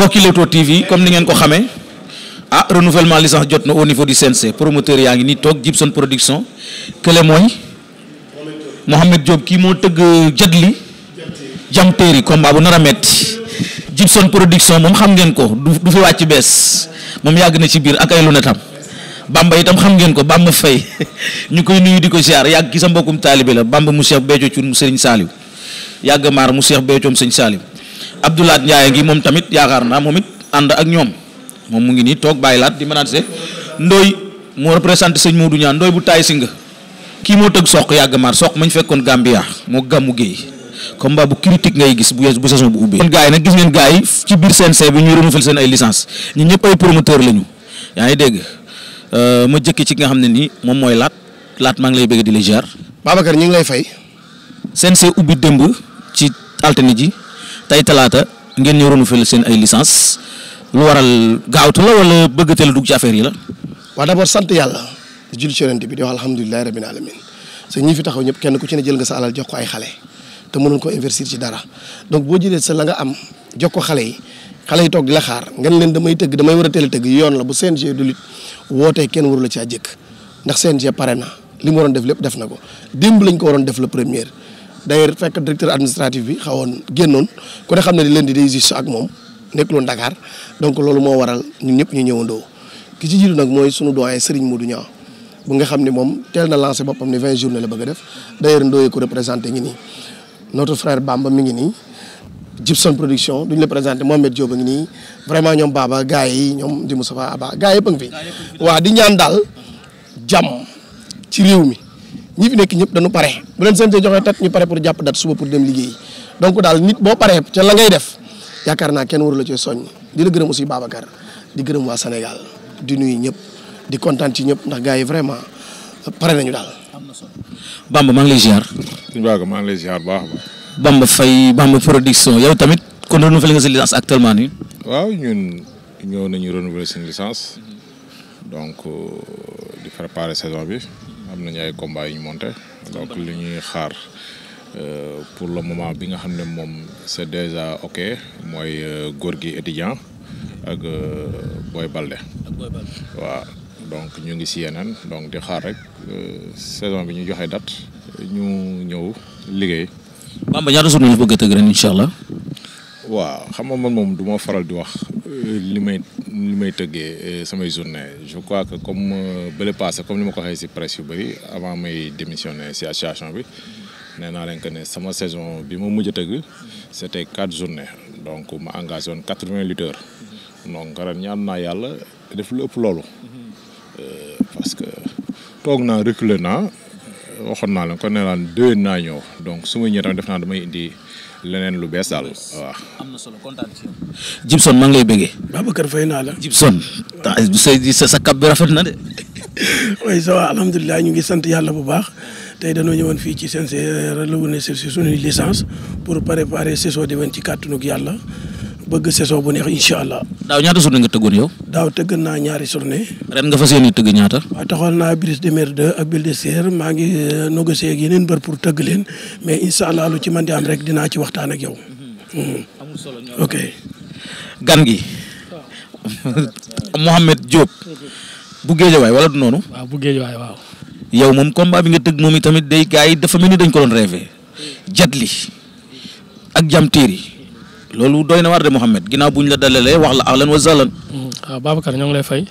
mbokki Leewtoo TV comme ni ngeen ko xamee ah renouvellement licence jot na au niveau di CNC promoteur yaa ngi nii toog Gibson production kële mooy Mohamed Diop kii moo tëgg euh, jadli jamteeri combat bu nar a metti Gibson production moom xam ngeen ko du fi wàcc bees moom yàgg na ci biir ak ay lu netam Bamba itam xam ngeen ko Bamba fay ñu koy nuyu di ko ziar yàgg ki sa mbokkum taalibe la Bamba mu Cheikh Béthio Thioune mu Serigne Saliou yàgg maar mu Cheikh Béthio Abdoulaat Ndiaye ngi moom tamit yaakaar naa moom it ànd ak ñoom moom mu ngi nii toog bàyyi laat di menacer Ndoye moo représenté sëñ Modou Niang Ndoye bu taay si nga kii moo tëgg soq yàgg maar soq mañ fekkoon Gambia moo gàmmu géey combat bu critique ngay gis bu bu saison bu ubbee. kon gars yi gis ngeen gars yi ci biir CNG bi ñuy renouveler seen ay licence ñun yaa ngi dégg euh, ma jëkki ci nga xam ne nii moom mooy laat laat maa ngi lay bëgg di la ziar. Babacar ñu ngi lay fay. CNG ubbi démb ci altine ji. tey talaata ngeen ñu renouveler seen ay licence lu waral gaawtu la wala bëggateel dugg ci affaire yi la. waaw d'abord sant yàlla di julli ci yonent bi di wax alhamdulilah rabbil alamin parce que ñi fi taxaw ñëpp kenn ku ci ne jël nga sa alal jox ko ay xale te mënuñ ko investir ci dara donc boo jëlee sa la nga am jox ko xale yi. xale yi toog di la xaar ngeen leen damay tëgg damay war a teel a tëgg yoon la bu CNG du lutte wootee kenn waru la caa jëkk ndax CNG pare na li mu waroon def lépp def na ko démb lañ ko waroon def la première d'ailleurs fekk directeur administratif bi xawoon génnoon ku ne xam ne di leen di day juste ak moom nekk loon Dakar donc loolu moo waral ñun ñëpp ñu ñëwandoo ki ci jiitu nag mooy sunu doyen Serigne Modou Niang bu nga xam ne moom teel na lancé boppam ni vingt journée la bëgg a def d'ailleurs Ndoye ko représenté ngi nii notre frère Bamba mi ngi nii Gibson production duñ la présenté Mohamed Diop a ngi nii vraiment ñoom Baba gars yi ñoom di Moustapha Abba gars yëpp a ngi fi waa di ñaan daal jàmm ci réew mi ñi fi nekk ñëpp dañu pare bu leen seen joxee tat ñu pare pour jàpp dat suba pour dem liggéey donc daal nit boo paree ca la ngay def yaakaar naa kenn waru la cee soññ di la gërëm aussi Babacar di gërëm waa Sénégal di nuyu ñëpp di kontaan ci ñëpp ndax gars yi vraiment pare nañu daal. am na solo Bamba maa ngi lay ziar. suñu baax maa ngi lay ziar baax ba Bamba Faye Bamba production yow tamit kon renouvelé nga sa licence actuellement nii. waaw ñun ñëw nañu renouvelé seen licence donc euh, di préparer saison bi. am nañu ay combat yu donc li ñuy xaar euh, pour le moment bi nga xam ne moom c'est déjà ok mooy euh, góor gi étudiant ak euh, booy Balde. ak waaw donc ñu ngi si yeneen donc di xaar rek saison bi ñu joxe date ñu ñëw liggéey. Bamba ñaata suñu ñu bëgg a tëgg ren incha allah. waaw xam nga man moom du ma faral di wax euh, li may li may tëggee euh, samay journée je crois que comme euh, bële passé comme ni ma ko waxee si presse yu bëri avant may démissionner si association bi nee naa leen que ne sama saison bi ma mujj a tëgg c' quatre journées donc ma engagé woon quatre vingt lutteurs donc ren ñaan naa yàlla def lu ëpp loolu parce toog naa reculer naa. waxoon naa la kon nee naa déwén naa ñëw donc su ma ñëwee tamit def naa damay indi leneen lu bees daal waaw. am na solo kontaan ci yow. Jibson maa ngi lay fay naa la. Jibson. sa sa kàb rafet na de. oui ça va alhamdulilah ñu ngi sant yàlla bu baax tey dañoo ñëwoon fii ci CNCR la wane si suñuy licence pour préparer saison déwén ci kàttanug yàlla. bëgg saison bu neex incha allah. daaw ñaata journée nga tëggoon yow. daaw tëgg naa ñaari journée. ren nga fas yéene tëgg ñaata. waaw taxawal naa Brise de Mer 2 ak Bille de maa ngi euh, négocier ak yeneen mbër pour tëgg leen mais incha allah lu ci man di am rek dinaa ci waxtaan ak yow. Hmm. amul solo gan gi. Mouhamed Diop. bu Géejawaay wala du noonu. waaw bu Géejawaay waaw. yow moom combat bi nga tëgg moom itamit day gars yi dafa mel ni dañ ko doon rêvé. Jet Li ak Diam Terry. loolu doy na war de Mouhamed ginnaaw bu ñu la dalalee wax la ahlan wa sahlan. waaw mm-hmm. ah, Babacar ñoo ngi lay fay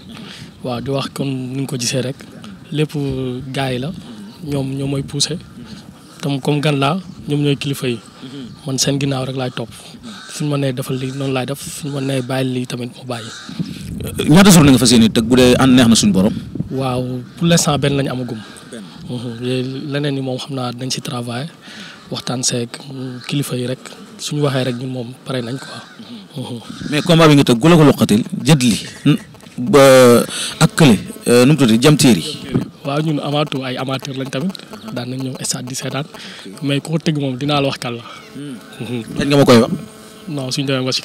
waaw di wax kon ni nga ko gisee rek lépp gars yi la ñoom ñoom mooy poussé tam comme gan laa ñoom ñooy kilifa yi mm-hmm. man seen ginnaaw rek laay topp suñ ma nee defal lii noonu laay def suñ ma nee bàyyi lii tamit mu bàyyi. Euh, ñaata soxna nga fas yéene tëgg bu dee neex na suñu borom. waaw pour l'instant benn lañu amagum. Mm-hmm. leneen yi moom xam naa dañ si travail waxtaan seeg kilifa yi rek. suñu waxee rek ñun moom pare nañ quoi. mais combat bi nga tëgg ku la ko loqatil jët li ba ak kële euh, nu mu tudd waa yi. waaw ñun amaatu ay amateur lañ tamit daan nañ ñëw stade di seetaan mais ku tëgg moom dinaa la wax kan la. kañ nga ma koy wax. non suñ ma wax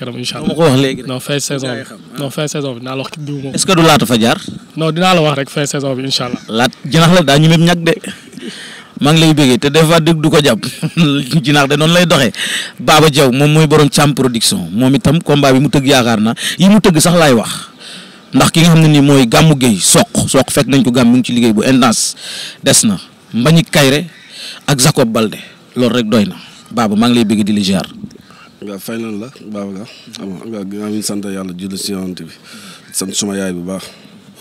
léegi non fin saison bi ah. non fin saison bi dinaa la wax diw laata fa jaar. non fin saison bi incha allah. laat jinax la daa ñu ñag de. maa ngi lay béggee te des fois du ko jàpp jinaax de noonu lay doxe baaba jaw moom mooy boroom càmm production moom itam combat bi mu tëgg yaakaar na yi mu tëgg sax laay wax ndax ki nga xam ne nii mooy gàmmu géey soq soq fekk nañ ko gàmm ci liggéey bu intense des na Mbagnick Kaïré ak Jacob Balde loolu rek doy na Baba maa lay bëggee di la fay nañ la Baba sant yàlla julli si yonent bi sant suma yaay bu baax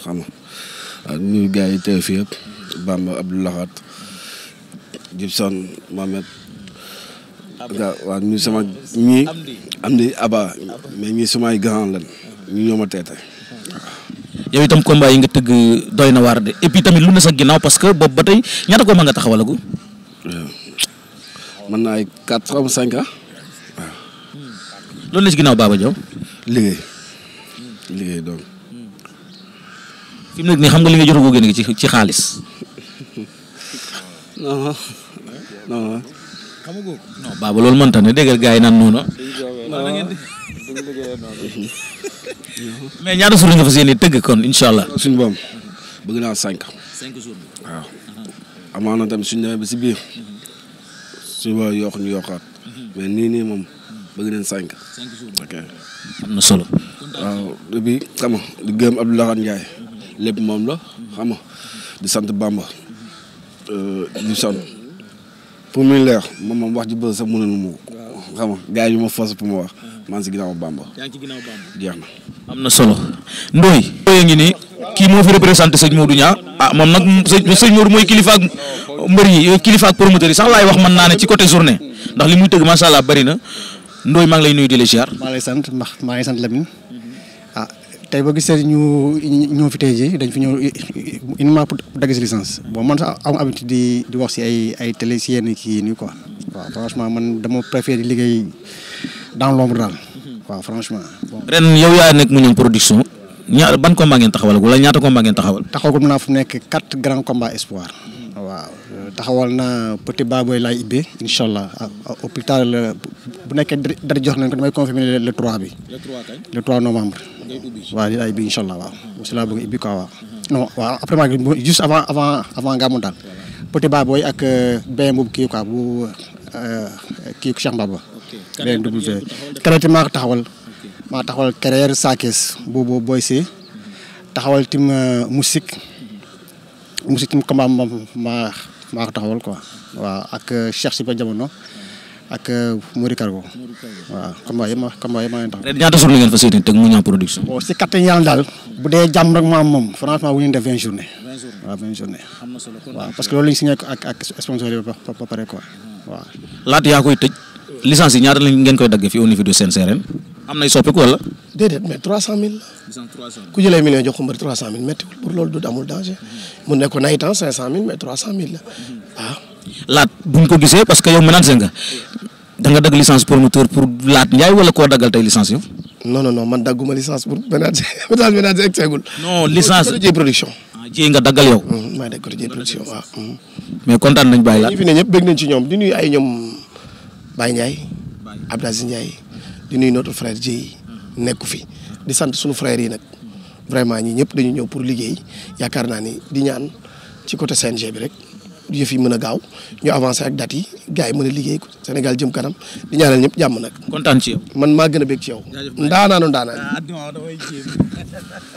xam nga nuyu gars yi teew fii yëpp Bamba Abdou Lahat Gibson Mohamed ga waaw ñu sama ñi am di Aba mais ñi sumay grand lan ñu ñooma teete yow itam combat yi nga tëgg doy na waar de et puis tamit lu ne sax ginnaaw parce que boobu ba tey ñaata combat nga taxawalagu mën naa ay quatre ans cinq ah. hmm. loolu la ci ginnaaw Baba Diaw liggéey liggéey donc fi nekk nii xam nga li nga jotagoo génn ci ci xaalis non xam nga non baaba loolu mënta ne dégg nga gars yi naan noonu. mais ñaata suur nga fas yéene tëgg kon incha allah. boom bëgg naa cinq. cinq jours waaw. amaana tamit suñu demee ba si biir. suñu boobaa mais nii nii moom bëgg nañ cinq. cinq na solo. waaw bi xam nga di gërëm Abdoulaye Ndiaye. lépp moom la xam di sant Bamba. Euh, di pour muy leer moom moom wax ji bëri sax mënoon mu. waaw xam nga gars yi ma force pour ma wax. maa si ginnaaw Bamba. jeex na. am na solo. Ndoye. Ndoye ngi nii kii moo fi représenté sëñ Modou Niang ah moom nag sëñ Modou mooy kilifa ak mbër yi euh, kilifa ak promoteur yi sax laay wax man naa ne ci côté journée ndax li muy tëgg macha allah bari na Ndoye maa ngi lay nuyu di la maa ngi sant ndax maa ngi sant Lamine. tey boo gisee ñu ñoo fi tey jii dañ fi ñëw uniquement pour dagg si licence man sax am habitude di di wax si ay tele si yenn kii nii quoi waaw franchement man dama préféré liggéey dans l'ombre daal waaw franchement. ren yow yaa nekk mu ñëw production. ñaar ban combat ngeen taxawal wala ñaata combat ngeen taxawal. taxawagum naa fu mu nekk quatre grands combats espoir. waaw taxawal naa petit baboy laay ibbee incha allah ah, ah, hôpital bu nekkee dara jox nañ ko damay confirmer le 3 bi. le 3 waaw ay laay ubbi incha allah waaw si laa bëgg a ubbi quoi waaw non waaw après maa juste avant avant avant gàmmu daal Petit Ba Boy ak euh, benn boobu kii quoi bu euh, kii Cheikh Mbaba benn double V karate maa taxawal maa taxawal carrière saakis boobu Boy si taxawal tim euh, musique musique tim combat ma maa ko taxawal quoi waaw ak Cheikh si ba jamono ak euh, Mori Cargo waaw ñaata soxla ngeen fa seetlu teg mu ñaaw production. bon si kattan yàlla daal bu dee jàmm rek mu moom franchement bu ñu def vingt journée. waaw na solo waaw parce que loolu la ñu signé ñaata lañ ngeen koy daggee fii au niveau de CNCRM. am nay soppiku wala. déedéet mais trois cent mille la. ku jëlee million jox ko trois cent mille méttiwul pour loolu du amul danger. Mm-hmm. mu nekkoon ay temps cinq cent mille trois cent mille waaw. laat buñ ko gisee parce que yow menacé nga da nga dagg licence promoteur pour laat Ndiaye wala koo daggal tey licence yow. no non non man dagguma licence pour ménager ménage ménager egg seegul. non licence Codé Dieye production. Ah, nga daggal yow. Mm, maa ngi dagg Codé Dieye mm. mais kontaan nañ bàyyi laat ñi fi ne ñëpp bëgg nañ ci ñoom di nuyu ay ñoom Baye Ndiaye. Abdou Aziz Ndiaye di nuyu notre frère Dieye nekku fi di sant suñu frères yi nag vraiment ñi ñëpp dañu ñëw pour liggéey yaakaar naa ni di ñaan ci côté CNG bi rek. yëf yi mën a gaaw ñu avancé ak date yi gars yi mën a liggéey ko Sénégal jëm kanam di ñaanal ñëpp jàmm nag. man maa gën a bég ci yow. ndaanaanu ndaanaan.